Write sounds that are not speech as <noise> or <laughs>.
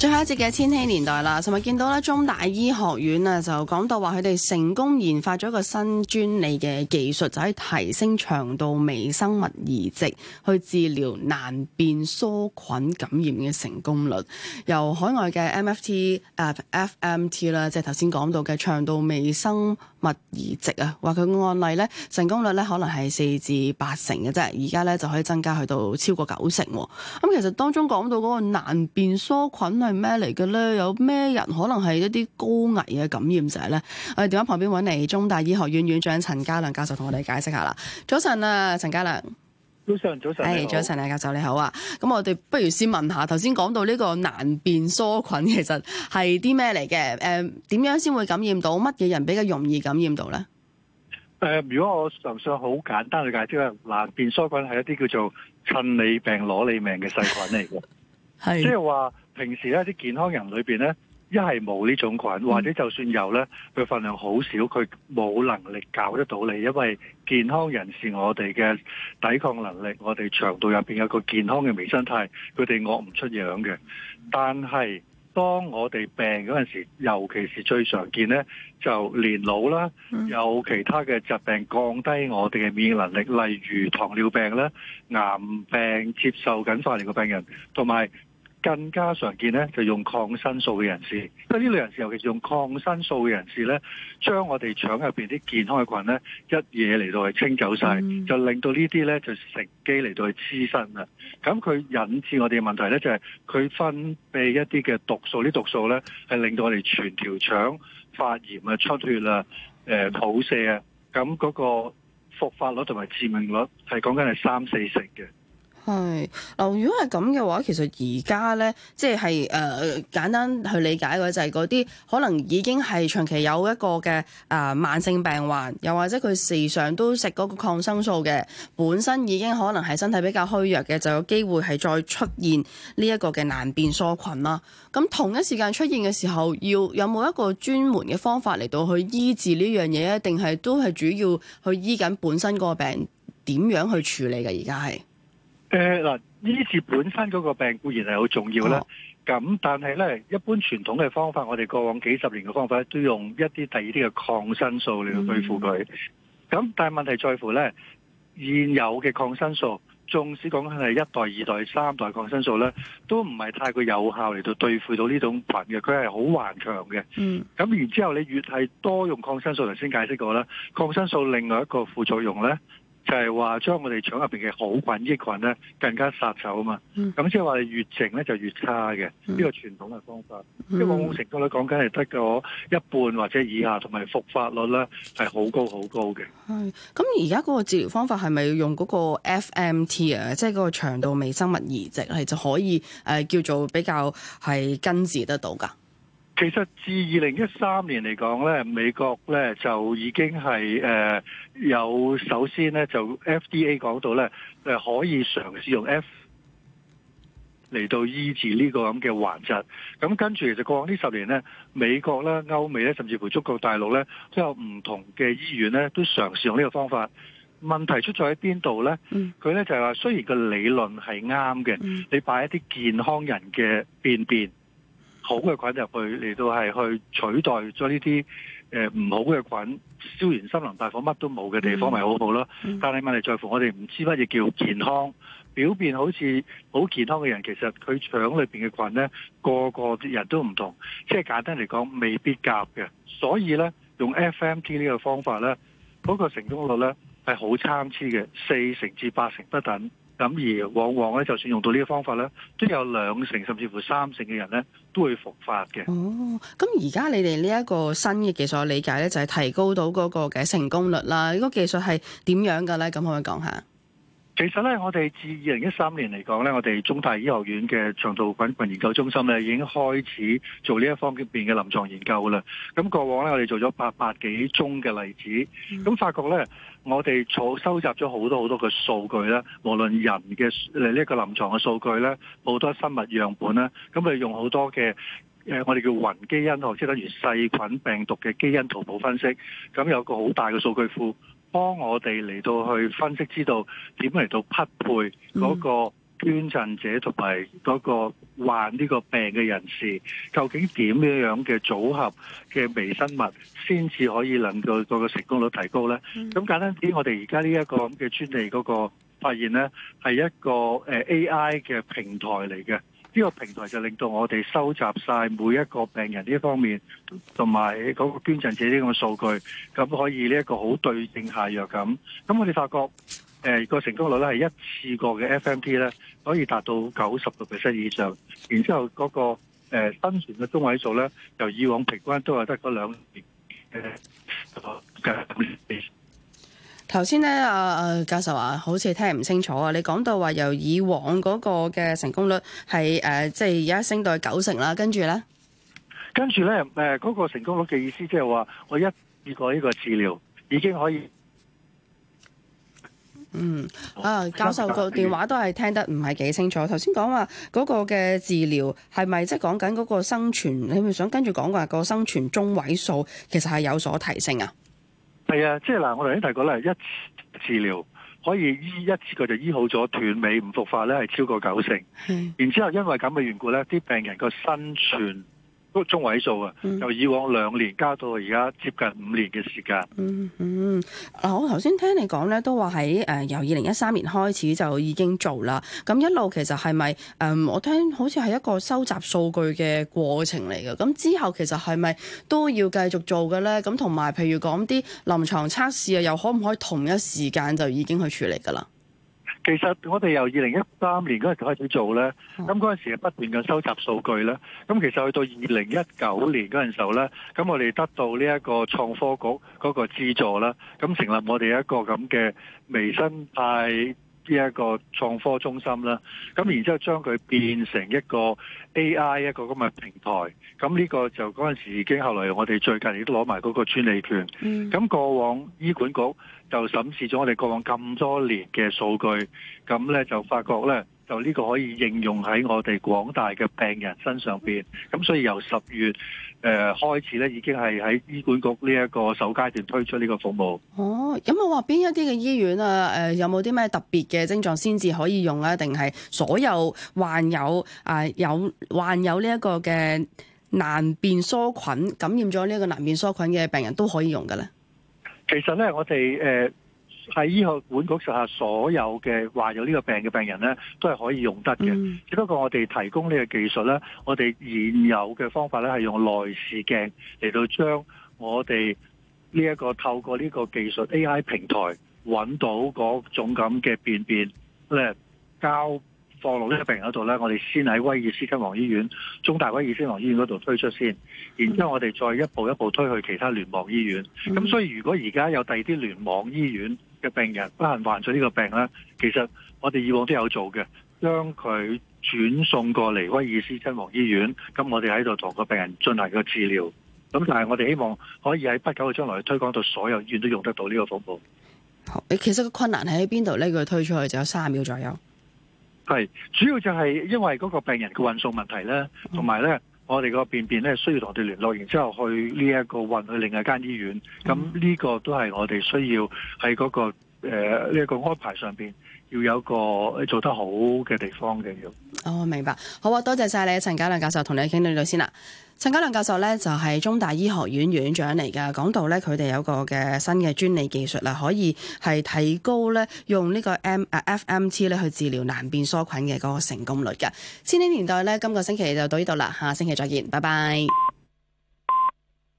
最後一節嘅千禧年代啦，尋日見到咧中大醫學院啊，就講到話佢哋成功研發咗個新專利嘅技術，就可以提升腸道微生物移植去治療難辨梭菌感染嘅成功率。由海外嘅 MFT FMT 啦，即係頭先講到嘅腸道微生物移植啊，話佢個案例咧成功率咧可能係四至八成嘅啫，而家咧就可以增加去到超過九成。咁其實當中講到嗰個難辨梭菌啊。係咩嚟嘅咧？有咩人可能係一啲高危嘅感染者咧？我哋電話旁邊揾嚟，中大醫學院院長陳家亮教授同我哋解釋下啦。早晨啊，陳家亮，早晨。早晨，係，早晨啊，教授你好啊。咁我哋不如先問下，頭先講到呢個難辨梭菌，其實係啲咩嚟嘅？誒、呃，點樣先會感染到？乜嘢人比較容易感染到咧？誒、呃，如果我上上好簡單嘅解釋咧，難辨梭菌係一啲叫做趁你病攞你命嘅細菌嚟嘅。 <laughs> 即係話平時咧，啲健康人裏邊咧，一係冇呢種菌，或者就算有咧，佢份量好少，佢冇能力搞得到你。因為健康人士我哋嘅抵抗能力，我哋腸道入邊有個健康嘅微生態，佢哋惡唔出樣嘅。但係當我哋病嗰陣時，尤其是最常見咧，就年老啦，有其他嘅疾病降低我哋嘅免疫能力，例如糖尿病咧、癌病接受緊化療嘅病人，同埋。更加常見咧，就用抗生素嘅人士，因為呢類人士，尤其是用抗生素嘅人士咧，將我哋腸入面啲健康嘅菌咧，一嘢嚟到去清走晒、嗯，就令到呢啲咧就乘機嚟到去滋生啦。咁、嗯、佢引致我哋嘅問題咧，就係、是、佢分泌一啲嘅毒素，啲毒素咧係令到我哋全條腸發炎啊、出血啊、誒、呃、肚瀉啊，咁、嗯、嗰個復發率同埋致命率係講緊係三四成嘅。係嗱，如果係咁嘅話，其實而家咧，即係誒、呃、簡單去理解嘅就係嗰啲可能已經係長期有一個嘅啊、呃、慢性病患，又或者佢時常都食嗰個抗生素嘅，本身已經可能係身體比較虛弱嘅，就有機會係再出現呢一個嘅難辨梭菌啦。咁同一時間出現嘅時候，要有冇一個專門嘅方法嚟到去醫治呢樣嘢咧？定係都係主要去醫緊本身個病點樣去處理嘅？而家係。誒、呃、嗱，呢次本身嗰個病固然係好重要啦，咁、哦、但係咧，一般傳統嘅方法，我哋過往幾十年嘅方法都用一啲第二啲嘅抗生素嚟去對付佢。咁、嗯、但係問題在乎咧，現有嘅抗生素，縱使講緊係一代、二代、三代抗生素咧，都唔係太過有效嚟到對付到呢種菌嘅，佢係好頑強嘅。嗯，咁然之後你越係多用抗生素，頭先解釋過啦，抗生素另外一個副作用咧。就係、是、話將我哋腸入邊嘅好菌、益菌咧，更加殺手啊嘛！咁即係話越靜咧就越差嘅呢、嗯這個傳統嘅方法，即係往往成功率講緊係得咗一半或者以下，同埋復發率咧係好高好高嘅。咁而家嗰個治療方法係咪要用嗰個 FMT 啊？即係嗰個腸道微生物移植咧就可以、呃、叫做比較係根治得到㗎？其實自二零一三年嚟講咧，美國咧就已經係誒、呃、有首先咧就 FDA 講到咧誒、呃、可以嘗試用 F 嚟到醫治這個這呢個咁嘅頑疾。咁跟住其實過往呢十年咧，美國啦、歐美咧，甚至乎中國大陸咧，都有唔同嘅醫院咧都嘗試用呢個方法。問題出在喺邊度咧？佢、嗯、咧就係話雖然個理論係啱嘅，你擺一啲健康人嘅便便。好嘅菌入去嚟到係去取代咗呢啲誒唔好嘅菌，燒完森林大火乜都冇嘅地方咪好好咯，嗯。但係問題在乎我哋唔知乜嘢叫健康，表面好似好健康嘅人，其實佢腸裏邊嘅菌呢個個人都唔同，即係簡單嚟講未必夾嘅。所以呢，用 FMT 呢個方法呢嗰、嗰個成功率呢，係好參差嘅，四成至八成不等。咁而往往咧，就算用到呢個方法咧，都有兩成甚至乎三成嘅人咧都會復發嘅。哦，咁而家你哋呢一個新嘅技術理解咧，就係提高到嗰個嘅成功率啦。呢個技術係點樣㗎咧？咁可唔可以講下？其實咧，我哋自二零一三年嚟講咧，我哋中大醫學院嘅腸道菌群研究中心咧已經開始做呢一方面嘅臨床研究啦。咁過往咧，我哋做咗八百幾宗嘅例子，咁發覺咧，我哋所收集咗好多好多嘅數據咧，無論人嘅呢一個臨床嘅數據咧，好多生物樣本呢，咁佢用好多嘅、呃、我哋叫雲基因學或即係等於細菌、病毒嘅基因圖譜分析，咁有個好大嘅數據庫。幫我哋嚟到去分析，知道點嚟到匹配嗰個捐贈者同埋嗰個患呢個病嘅人士，究竟點樣樣嘅組合嘅微生物先至可以能夠個成功率提高呢？咁簡單啲，我哋而家呢一個咁嘅專利嗰個發現呢，係一個誒 AI 嘅平台嚟嘅。呢、這個平台就令到我哋收集晒每一個病人呢方面，同埋嗰個捐贈者呢個數據，咁可以呢一個好對症下藥咁。咁我哋發覺，誒、呃、個成功率咧係一次過嘅 FMT 咧，可以達到九十六 percent 以上。然之後嗰、那個、呃、生存嘅中位數咧，由以往平均都係得嗰兩年嘅。呃頭先咧，阿教授話好似聽唔清楚啊！你講到話由以往嗰個嘅成功率係誒，即係而家升到去九成啦，跟住咧，跟住咧，誒嗰個成功率嘅、呃那個、意思即係話我一試過呢個治療已經可以。嗯啊，教授個電話都係聽得唔係幾清楚。頭先講話嗰個嘅治療係咪即係講緊嗰個生存？你咪想跟住講話個生存中位數其實係有所提升啊？係啊，即係嗱，我頭先提過咧，一次治療可以醫一次佢就醫好咗斷尾唔復發咧，係超過九成。然之後因為咁嘅緣故咧，啲病人個生存個中位數啊，由以往兩年加到而家接近五年嘅時間。嗯嗯，嗱，我頭先聽你講咧，都話喺誒由二零一三年開始就已經做啦。咁一路其實係咪誒我聽好似係一個收集數據嘅過程嚟嘅？咁之後其實係咪都要繼續做嘅咧？咁同埋譬如講啲臨床測試啊，又可唔可以同一時間就已經去處理噶啦？其實我哋由二零一三年嗰陣開始做呢，咁嗰陣時係不斷嘅收集數據呢。咁其實去到二零一九年嗰陣時候呢，咁我哋得到呢一個創科局嗰個資助啦，咁成立我哋一個咁嘅微生態。呢一個創科中心啦，咁然之後將佢變成一個 AI 一個咁嘅平台，咁呢個就嗰陣時已經後來我哋最近亦都攞埋嗰個專利權。咁過往醫管局就審視咗我哋過往咁多年嘅數據，咁呢就發覺呢。就、這、呢個可以應用喺我哋廣大嘅病人身上邊，咁所以由十月誒、呃、開始咧，已經係喺醫管局呢一個首階段推出呢個服務。哦，咁、嗯、我話邊一啲嘅醫院啊？誒、呃，有冇啲咩特別嘅症狀先至可以用啊？定係所有患有啊有、呃、患有呢一個嘅難辨梭菌感染咗呢一個難辨梭菌嘅病人都可以用㗎咧？其實咧，我哋誒。呃喺醫學管局實下，所有嘅患有呢個病嘅病人咧，都係可以用得嘅。嗯、只不過我哋提供呢個技術咧，我哋現有嘅方法咧係用內視鏡嚟到將我哋呢一個透過呢個技術 AI 平台揾到嗰種咁嘅便便，咧，交放落呢個病人嗰度咧，我哋先喺威爾斯親王醫院、中大威爾斯親王醫院嗰度推出先，然之後我哋再一步一步推去其他聯網醫院。咁、嗯、所以如果而家有第二啲聯網醫院，嘅病人不幸患咗呢個病咧，其實我哋以往都有做嘅，將佢轉送過嚟威爾斯親王醫院，咁我哋喺度同個病人進行個治療。咁但係我哋希望可以喺不久嘅將來推廣到所有醫院都用得到呢個服務。好，其實個困難喺邊度呢？佢推出去就有三秒左右。係主要就係因為嗰個病人嘅運送問題咧，同埋咧。我哋個便便咧，需要同佢聯絡，然之後去呢一個運去另一間醫院。咁呢個都係我哋需要喺嗰個呃呢一個安排上邊要有一個做得好嘅地方嘅要。哦，明白，好啊，多謝晒你，陳家亮教授，同你傾到呢度先啦。陳家亮教授咧就係中大醫學院院長嚟噶，講到咧佢哋有個嘅新嘅專利技術啦，可以係提高咧用呢個 M 啊 FMT 咧去治療難辨梭菌嘅嗰個成功率㗎。千禧年代咧，今個星期就到呢度啦，下星期再見，拜拜。